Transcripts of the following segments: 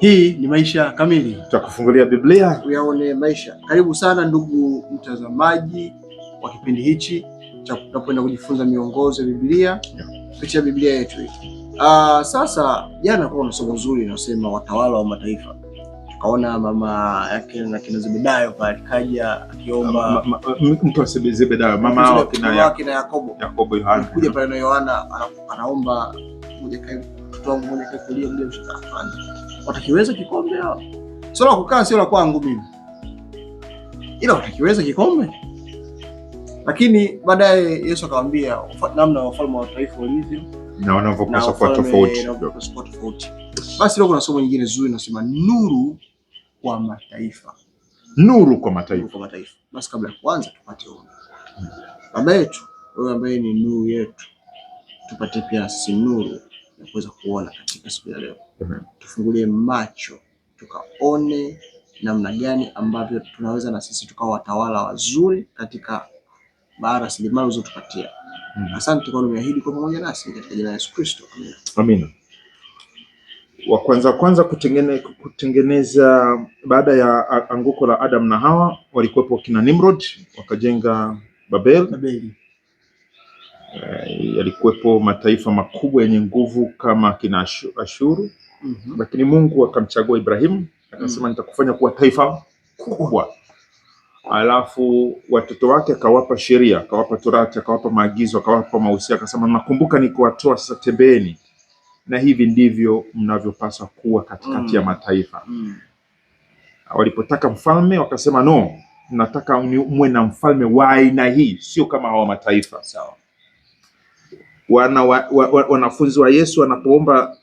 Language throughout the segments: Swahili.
Hii ni Maisha Kamili, tutakufungulia Biblia uyaone maisha. Karibu sana ndugu mtazamaji wa kipindi hichi, tutakwenda kujifunza miongozo ya Biblia kupitia yeah. Biblia yetu hii. Uh, sasa jana kwa na somo zuri inasema watawala wa mataifa tukaona mama yake na kina Zebedayo pale kaja akiomba mtu wa Zebedayo mama yake na Yakobo, Yakobo Yohana, kuja pale na Yohana anaomba moja mtoto wangu mmoja kakulia mja mshakafanya watakiweza kikombe hao. Sio la kukaa, sio la kwangu mimi, ila watakiweza kikombe. Lakini baadaye Yesu akamwambia namna wa falme wa taifa walivyo na wanavyopaswa kuwa tofauti. Basi leo kuna somo nyingine zuri nasema nuru kwa mataifa, nuru kwa mataifa, kwa mataifa. Basi kabla ya kuanza tupate ombi. Baba yetu wewe ambaye ni nuru yetu, tupate pia sisi nuru na kuweza kuona katika siku ya leo. Tufungulie macho tukaone namna gani ambavyo tunaweza na sisi tukawa watawala wazuri katika rasilimali ulizotupatia. Asante kwa umeahidi kwa pamoja nasi katika jina la Yesu Kristo. Amina. Wa kwanza kwanza kutengene, kutengeneza baada ya anguko la Adam na Hawa walikuwepo kina Nimrod wakajenga Babel, Babeli Uh, yalikuwepo mataifa makubwa yenye nguvu kama kina Ashuru mm -hmm. Lakini Mungu akamchagua Ibrahimu akasema, mm. nitakufanya kuwa taifa kubwa, alafu watoto wake akawapa sheria, akawapa torati, akawapa maagizo, akawapa mausia, akasema, nakumbuka nikiwatoa sasa, tembeeni na hivi ndivyo mnavyopaswa kuwa katikati mm. ya mataifa mm. Walipotaka mfalme wakasema, no, nataka mwe na mfalme wa aina hii, sio kama hawa mataifa sawa wana, wa, wa, wanafunzi wa Yesu wanapoomba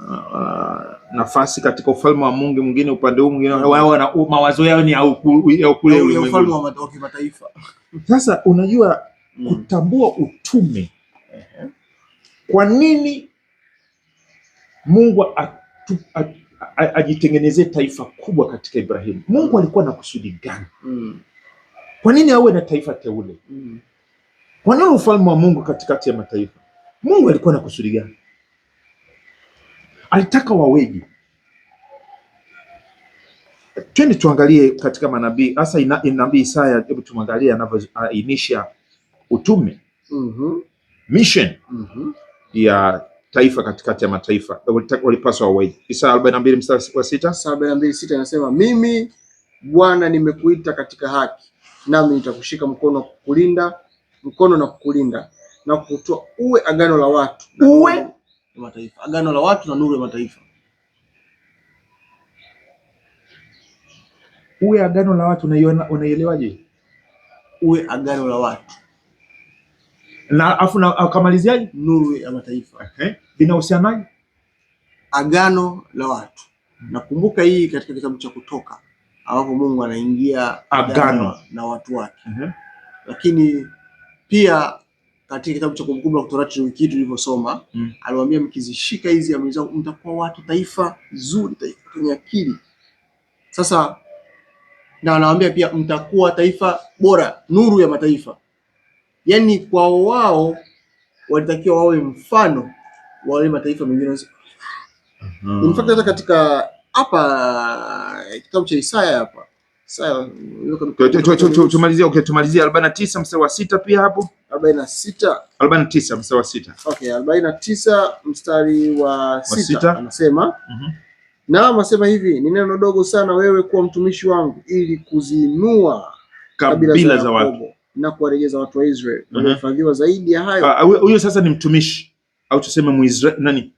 uh, uh, nafasi katika ufalme wa Mungu mwingine, upande huu mwingine, wao mawazo yao ni ya kule ufalme wa kimataifa. Sasa unajua mm. kutambua utume Kwa nini Mungu ajitengenezee taifa kubwa katika Ibrahimu? Mungu alikuwa na kusudi gani? mm. Kwa nini awe na taifa teule? mm wanao ufalme wa Mungu katikati ya mataifa? Mungu alikuwa na kusudi gani? Alitaka waweje? Twende tuangalie katika manabii hasa nabii Isaya. Hebu tumwangalie anavyoainisha utume mm -hmm. mission mm -hmm. ya taifa katikati ya mataifa walipaswa waweje? Isaya 42 mstari wa 6. 42:6 inasema mimi Bwana nimekuita katika haki, nami nitakushika mkono kukulinda mkono na kukulinda na kukutoa uwe agano la watu uwe ya mataifa, agano la watu na nuru ya mataifa, uwe agano la watu. Unaielewaje? Uwe agano la watu na afu na akamaliziaje? Nuru ya mataifa vinahusianaje? Okay. Agano la watu hmm. Nakumbuka hii katika kitabu cha Kutoka ambapo Mungu anaingia agano na watu wake -huh. lakini pia katika kitabu cha Kumbukumbu la Torati wiki hii tulivyosoma, mm. aliwaambia mkizishika hizi amri zangu mtakuwa watu taifa zuri, taifa lenye akili. Sasa na anawaambia pia mtakuwa taifa bora, nuru ya mataifa. Yaani kwa wao walitakiwa wawe mfano wa wale mataifa mengine. Uh -huh. Hata katika hapa kitabu cha Isaya hapa Sawa. Tumalizie okay, tumalizie arobaini na tisa mstari wa sita pia hapo. Arobaini na sita. Arobaini na tisa mstari wa sita. Okay, arobaini na tisa mstari wa sita anasema mhm. Naam, asema hivi, ni neno dogo sana wewe kuwa mtumishi wangu ili kuzinua kabila za watu na kuwarejeza watu wa Israeli mhm. waliohifadhiwa zaidi ya hayo. Ah, ah, huyo sasa ni mtumishi au tuseme Muisraeli, nani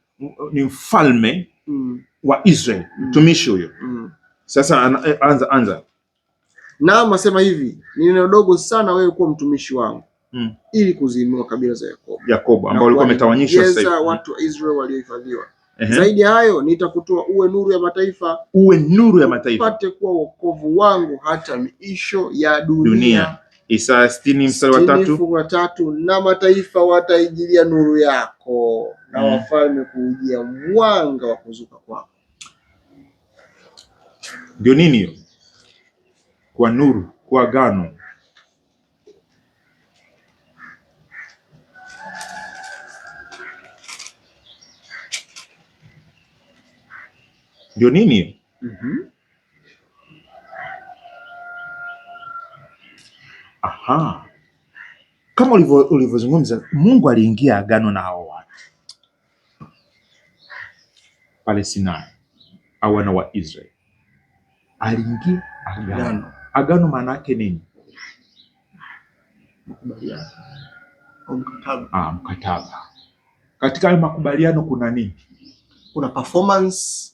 ni mfalme mm. wa Israeli, mm. mtumishi huyo mm. Sasa eh, anza anza Naam, asema hivi, ni neno dogo sana wewe kuwa mtumishi wangu mm. ili kuziinua kabila za Yakobo, Yakobo ambao walikuwa wametawanyishwa sasa hivi, hmm. watu wa Israeli waliohifadhiwa Uhum. Zaidi ya hayo nitakutoa uwe nuru ya mataifa, uwe nuru ya mataifa, upate kuwa wokovu wangu hata miisho ya dunia, dunia. Isaya 60 mstari wa tatu. Wa tatu na mataifa wataijilia nuru yako na hmm. wafalme kuujia mwanga wa kuzuka kwako. Ndio nini hiyo? kwa nuru, kwa agano. Ndio nini? mm -hmm. Aha, kama ulivyozungumza, Mungu aliingia agano na hao watu pale Sinai, au wana wa Israeli aliingia agano Agano maana yake nini? Makubaliano. Mkataba. Ah, mkataba. Katika hayo makubaliano kuna nini? Kuna performance,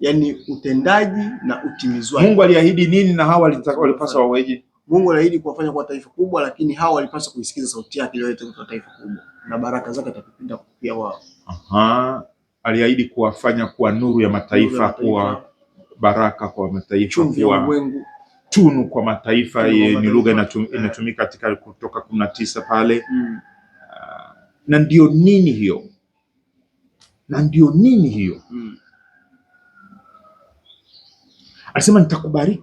yani utendaji na utimizwaji. Mungu aliahidi nini na hawa walipaswa waweje? Mungu aliahidi kuwafanya kuwa taifa kubwa, lakini hawa walipaswa kuisikiza sauti yake ili kuwa taifa kubwa na baraka zake atapenda kupitia wao. Aha. Aliahidi kuwafanya kuwa nuru ya mataifa, kuwa baraka kwa mataifa, kuwa tunu kwa mataifa ni lugha eh. inatumika katika Kutoka kumi na tisa pale mm. uh, na ndio nini hiyo na ndio nini hiyo mm. Anasema nitakubariki.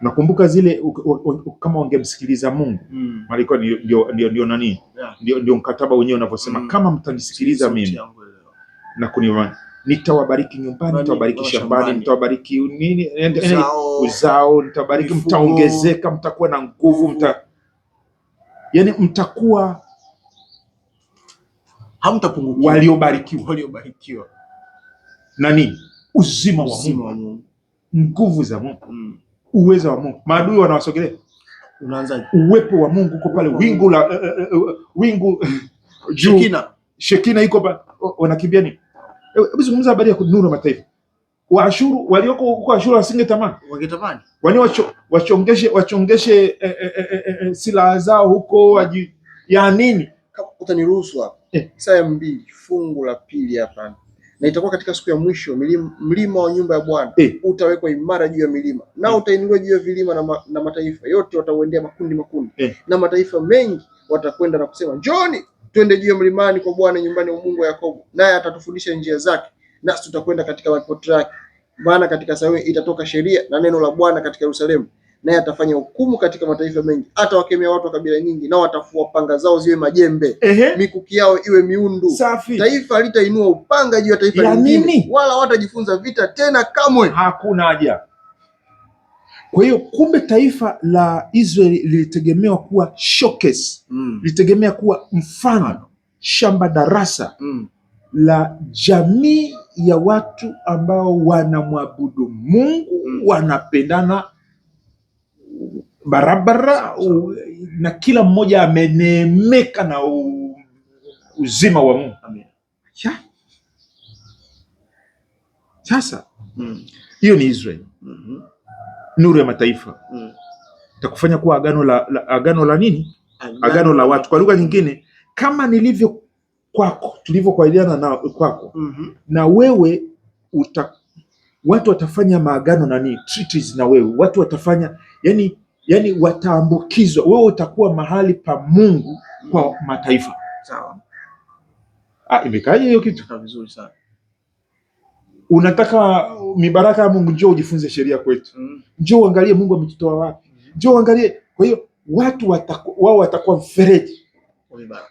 Nakumbuka zile u, u, u, kama wangemsikiliza Mungu mm. Maana ndio ndio nani yeah. Ndio mkataba wenyewe unavyosema mm. Kama mtanisikiliza mimi na kuniwa nitawabariki nyumbani, nitawabariki shambani, nitawabariki nini, uzao nitawabariki, mtaongezeka, mtakuwa na nguvu, mta yani mtakuwa hamtapungukiwa, waliobarikiwa, waliobarikiwa na nini? Uzima wa Mungu, nguvu za Mungu, mm. uweza wa Mungu. Maadui wanawasogelea, unaanza uwepo wa Mungu uko pale, wingu la eh, eh, eh, wingu, mm. Shekina, Shekina iko pale, wanakimbia nini? Hebu zungumza habari ya kunuru mataifa. Waashuru walioko huko Ashuru wasingetamani. Wangetamani. Wani wacho, wachongeshe wachongeshe e, e, e, e, silaha zao huko waji ya nini? Utaniruhusu hapa. Eh. Saa mbili fungu la pili hapa. Na itakuwa katika siku ya mwisho milima, mlima wa nyumba ya Bwana eh, utawekwa imara juu ya milima na eh, utainuliwa juu ya vilima na, ma, na mataifa yote watauendea makundi makundi eh, na mataifa mengi watakwenda na kusema njoni Twende juu ya mlimani kwa Bwana nyumbani ya Mungu wa Yakobo, naye atatufundisha njia zake, nasi tutakwenda katika mapito yake. Maana katika Sayuni itatoka sheria na neno la Bwana katika Yerusalemu, naye atafanya hukumu katika mataifa mengi, atawakemea watu wa kabila nyingi, nao watafua panga zao ziwe majembe, Ehe. mikuki yao iwe miundu. Safi. Taifa litainua upanga juu ya taifa lingine, wala watajifunza vita tena kamwe. Hakuna haja. Kwa hiyo kumbe taifa la Israeli lilitegemewa kuwa showcase, mm. lilitegemea kuwa mfano, shamba darasa mm. la jamii ya watu ambao wanamwabudu Mungu mm. wanapendana barabara so, na kila mmoja ameneemeka na u, uzima wa Mungu. Sasa mm. hiyo mm. ni Israeli mm -hmm nuru ya mataifa mm. Takufanya kuwa agano la, la, agano la nini? Agano la watu. Kwa lugha nyingine, kama nilivyo kwako, tulivyokubaliana na kwako mm -hmm. na wewe uta, watu watafanya maagano nani, treaties na wewe, watu watafanya yani, yani wataambukizwa, wewe utakuwa mahali pa Mungu kwa mm. mataifa. Sawa. Ah, imekaje hiyo kitu? Vizuri sana. Unataka mibaraka ya Mungu, njoo ujifunze sheria kwetu, mm. njoo uangalie Mungu ametutoa wapi, mm. njoo uangalie. Kwa hiyo watu wao watakuwa mfereji.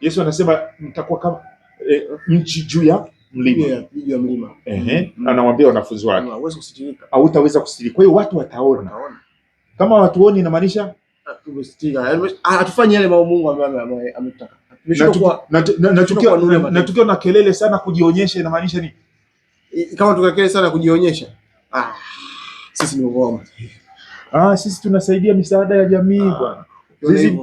Yesu anasema mtakuwa kama e, eh, mchi juu ya mlima, mm. anawambia wanafunzi wake, hautaweza kusitirika. Kwa hiyo watu wataona, kama watuoni, inamaanisha ah, yaani, yale Mungu ametaka. Na tukio na kelele sana kujionyesha, inamaanisha nini? kama tukakae sana kujionyesha. Ah, sisi ni wagoma. Ah, sisi tunasaidia misaada ya jamii ah, bwana. Sisi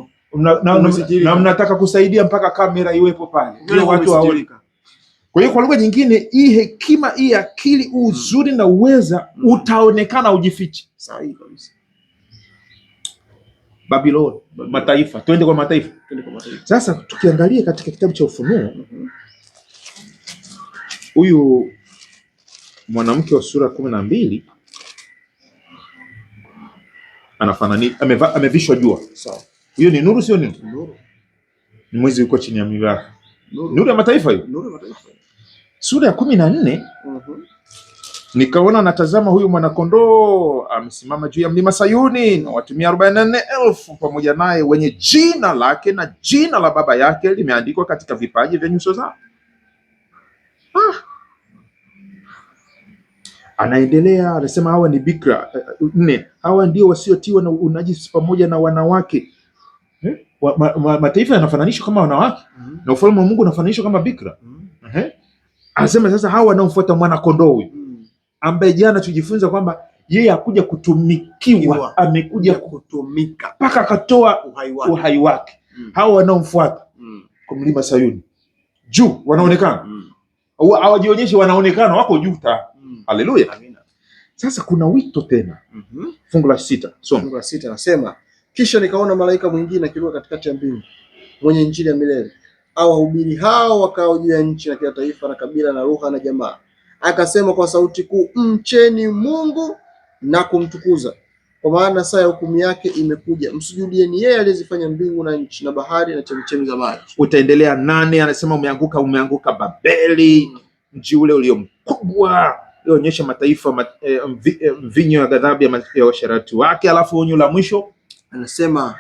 na mnataka kusaidia mpaka kamera iwepo pale. Ndio watu waone. Kwa hiyo kwa lugha nyingine, hii hekima, hii akili, hmm. uzuri na uweza hmm. utaonekana ujifiche. Sahihi kabisa. Babiloni, mataifa. Twende kwa mataifa. Twende kwa mataifa. Sasa tukiangalia katika kitabu cha Ufunuo, mm-hmm. huyu mm -hmm mwanamke wa sura kumi na mbili anafanani amevishwa jua. Hiyo ni nuru, sio nini? Nuru. Ni mwezi uko chini ya miguu yake. Nuru ya mataifa hiyo. Nuru ya mataifa. Sura ya kumi na nne mhm. nikaona natazama, huyu mwanakondoo amesimama juu ya mlima Sayuni na watu mia arobaini na nne elfu pamoja naye, wenye jina lake na jina la Baba yake limeandikwa katika vipaji vya nyuso zao. Ah. Anaendelea anasema, hawa ni bikra eh, eh, nne, hawa ndio wasiotiwa na unajisi pamoja na wanawake eh? wa, ma, ma, mataifa yanafananishwa kama wanawake mm -hmm. na ufalme wa Mungu unafananishwa kama bikra mm -hmm. eh? Anasema sasa hawa wanaomfuata mwana kondoo mm -hmm. ambaye jana tujifunza kwamba yeye hakuja kutumikiwa, amekuja kutumika mpaka akatoa uhai wake mm -hmm. hawa wanaomfuata mm -hmm. kwa mlima Sayuni juu wanaonekana mm -hmm. hawajionyeshi, wanaonekana wako juu tayari Mm. Haleluya. Sasa kuna wito tena Mhm. Fungu la sita, So. Fungu la sita nasema, kisha nikaona malaika mwingine akiruka katikati ya mbingu mwenye injili ya milele au wahubiri hao wakao juu ya nchi na kila taifa na kabila na lugha na jamaa, akasema kwa sauti kuu, mcheni Mungu na kumtukuza, kwa maana saa ya hukumu yake imekuja, msujudieni yeye aliyezifanya mbingu na nchi na bahari na chemchemi za maji. Utaendelea nane, anasema umeanguka, umeanguka Babeli, mm. mji ule ulio mkubwa onyesha mataifa mat, eh, eh, mvinyo ya ghadhabu ya, ya washarati wake. Alafu onyo la mwisho anasema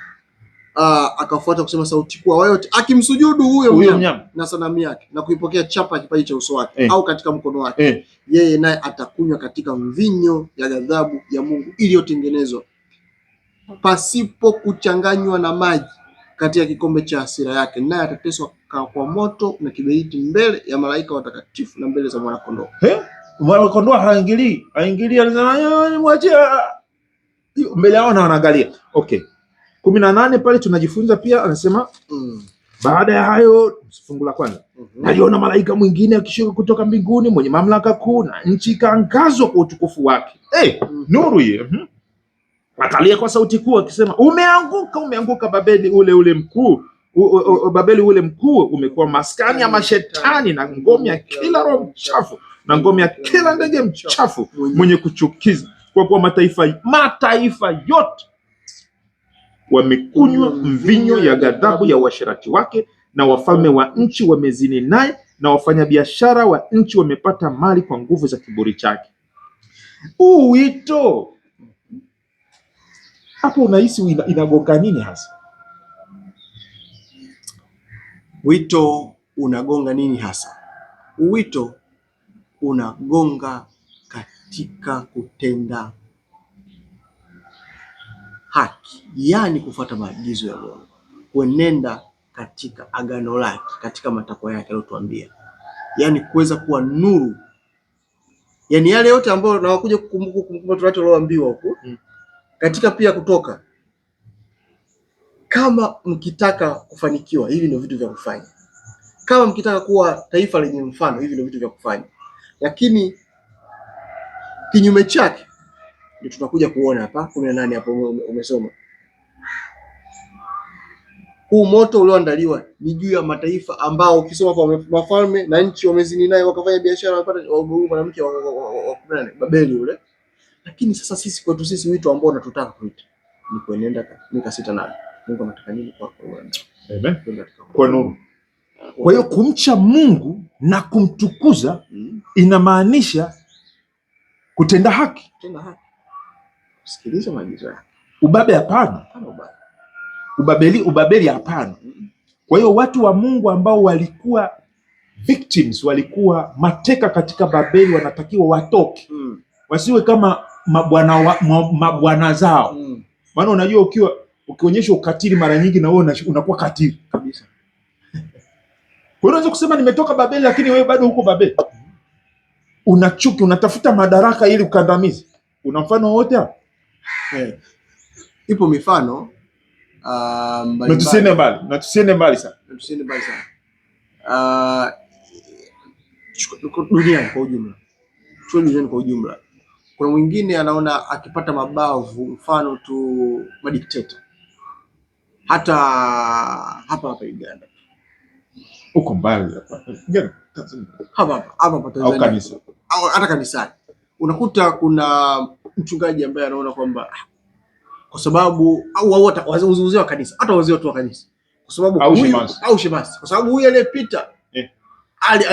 uh, akafuata kusema sauti kuwa wayote akimsujudu huyo mnyama na sanamu yake na kuipokea chapa ya kipaji cha uso wake eh, au katika mkono wake eh, yeye naye atakunywa katika mvinyo ya ghadhabu ya Mungu iliyotengenezwa pasipo kuchanganywa na maji katika kikombe cha hasira yake, naye atateswa kwa moto na kiberiti mbele ya malaika watakatifu na mbele za mwanakondoo. Eh. Mwanakondoo haingilii, haingilii, anasema mwachie mbele yao na wanaangalia. Okay, kumi na nane pale tunajifunza pia, anasema mm. Baada ya hayo fungu la kwanza mm -hmm. Naliona malaika mwingine akishuka kutoka mbinguni mwenye mamlaka kuu, na nchi ikaangazwa kwa utukufu wake. hey, mm -hmm. Nuru ye mm -hmm. Akalia kwa sauti kuu akisema, umeanguka, umeanguka Babeli ule ule mkuu U, u, u, Babeli ule mkuu umekuwa maskani ya mashetani na ngome ya kila roho mchafu na ngome ya kila ndege mchafu mwenye kuchukiza, kwa kuwa mataifa mataifa yote wamekunywa mvinyo ya ghadhabu ya uasherati wake, na wafalme wa nchi wamezini naye, na wafanyabiashara wa nchi wamepata mali kwa nguvu za kiburi chake. Huu wito hapo, unahisi inagoka nini hasa? Wito unagonga nini hasa? Wito unagonga katika kutenda haki, yaani kufuata maagizo ya Mungu, kuenenda katika agano lake, katika matakwa yake aliyotuambia, yaani kuweza kuwa nuru, yaani yale yote ambayo nawakuja kukumbuka kukumbuka walioambiwa huko mm. katika pia Kutoka, kama mkitaka kufanikiwa, hivi ndio vitu vya kufanya. Kama mkitaka kuwa taifa lenye mfano, hivi ndio vitu vya kufanya lakini kinyume chake ndio tutakuja kuona hapa kumi na nane hapo umesoma huu moto ulioandaliwa ni juu ya mataifa ambao ukisoma kwa mafalme na nchi wamezini naye wakafanya biashara wakapata mwanamke wa Babeli ule. Lakini sasa sisi kwetu sisi wito ambao tunataka kuita ni kuenenda katika sita nane. Mungu anataka nini kwako wewe? Amen. Kwa nuru. Kwa hiyo kumcha Mungu na kumtukuza hmm. inamaanisha kutenda haki, kusikiliza maagizo yake. Ubabe hapana, ubabeli, ubabeli hapana. Hmm. Kwa hiyo watu wa Mungu ambao walikuwa victims, walikuwa mateka katika Babeli, wanatakiwa watoke, hmm. wasiwe kama mabwana wa, mabwana zao, maana unajua ukiwa ukionyesha ukatili mara nyingi na wewe unakuwa katili kabisa. Kwa unaweza kusema nimetoka Babeli, lakini wewe bado huko Babeli. Una chuki, unatafuta madaraka ili ukandamize. Una mfano wote hapo eh? Ipo mifano uh, ah, mbali, na tusiende mbali, na tusiende mbali sana, na tusiende mbali sana uh, duniani kwa ujumla, tuwe duniani kwa ujumla. Kuna mwingine anaona akipata mabavu, mfano tu madikteta, hata hapa hapa Uganda uko mbali au kanisa au hata kanisa, unakuta kuna mchungaji ambaye anaona kwamba ah, kwa sababu au au wazee wa kanisa, hata wazee wa kanisa, kwa sababu huyu au shemasi, kwa sababu huyu aliyepita eh. ali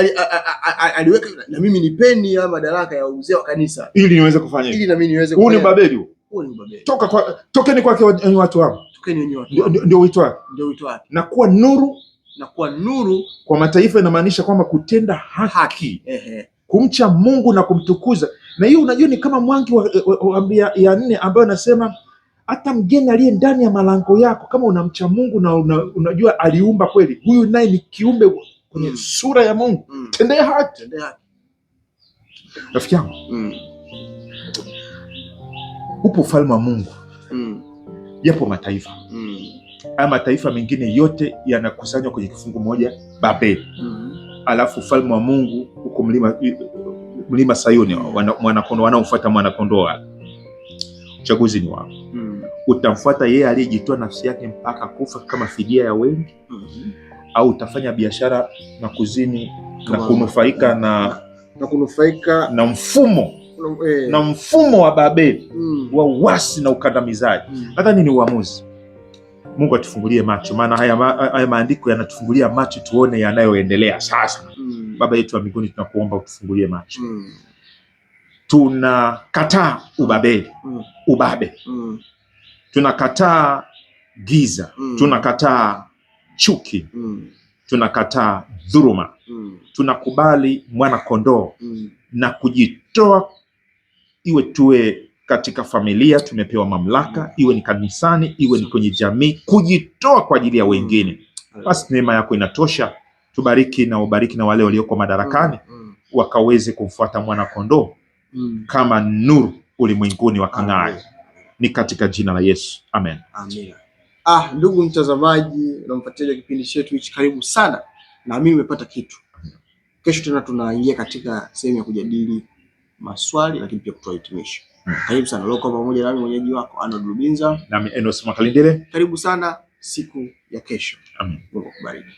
aliweka na mimi nipeni ya madaraka ya uzee wa kanisa ili niweze kufanya ili na mimi niweze kufanya. Huyu ni babeli, huyu ni babeli. Toka kwa tokeni kwake, wenye watu wangu, tokeni wenye watu, ndio wito wake, ndio wito wake, na kuwa nuru na kuwa nuru kwa mataifa, inamaanisha kwamba kutenda haki, ehe, kumcha Mungu na kumtukuza. Na hiyo unajua ni kama mwangi wa, wa, wa, wa, ya nne ambayo anasema hata mgeni aliye ndani ya malango yako, kama unamcha Mungu na una, unajua aliumba kweli, huyu naye ni kiumbe kwenye mm. sura ya Mungu mm. tendea haki, tendea haki. Rafiki yangu mm. upo ufalme wa Mungu mm. yapo mataifa mm haya mataifa mengine yote yanakusanywa kwenye kifungu moja Babeli. mm -hmm. Alafu ufalme wa Mungu huko mlima, mlima Sayuni wanaofuata wana, wana mwanakondoo wake. Uchaguzi ni wao mm -hmm. Utamfuata yeye aliyejitoa nafsi yake mpaka kufa kama fidia ya wengi. mm -hmm. Au utafanya biashara na kuzini na kunufaika na, na kunufaika na mfumo eh. na mfumo wa Babeli mm. wa uasi na ukandamizaji. Mm. Nadhani mm. ni uamuzi Mungu atufungulie macho, maana haya, ma, haya maandiko yanatufungulia macho tuone yanayoendelea sasa. mm. Baba yetu wa mbinguni tunakuomba utufungulie macho. mm. Tunakataa ubabeli. mm. ubabe. mm. Tunakataa giza. mm. Tunakataa chuki. mm. Tunakataa dhuruma mm. Tunakubali mwana kondoo mm. na kujitoa iwe tuwe katika familia tumepewa mamlaka, mm. iwe ni kanisani, iwe ni kwenye jamii, kujitoa kwa ajili ya mm. wengine. Mm. Basi neema yako inatosha, tubariki na ubariki na wale walioko madarakani wakaweze kumfuata mwana kondoo kama nuru ulimwenguni wakang'ae, ni katika jina la Yesu amen, amen. Ah, ndugu mtazamaji na mfuatiliaji wa kipindi chetu hichi, karibu sana, naamini umepata kitu. Kesho tena tunaingia katika sehemu ya kujadili maswali, lakini pia kutoa hitimisho. Karibu sana loko pamoja nami mwenyeji wako Arnold Rubinza nami Enos Makalindile. Karibu sana siku ya kesho. Amen. Mungu akubariki.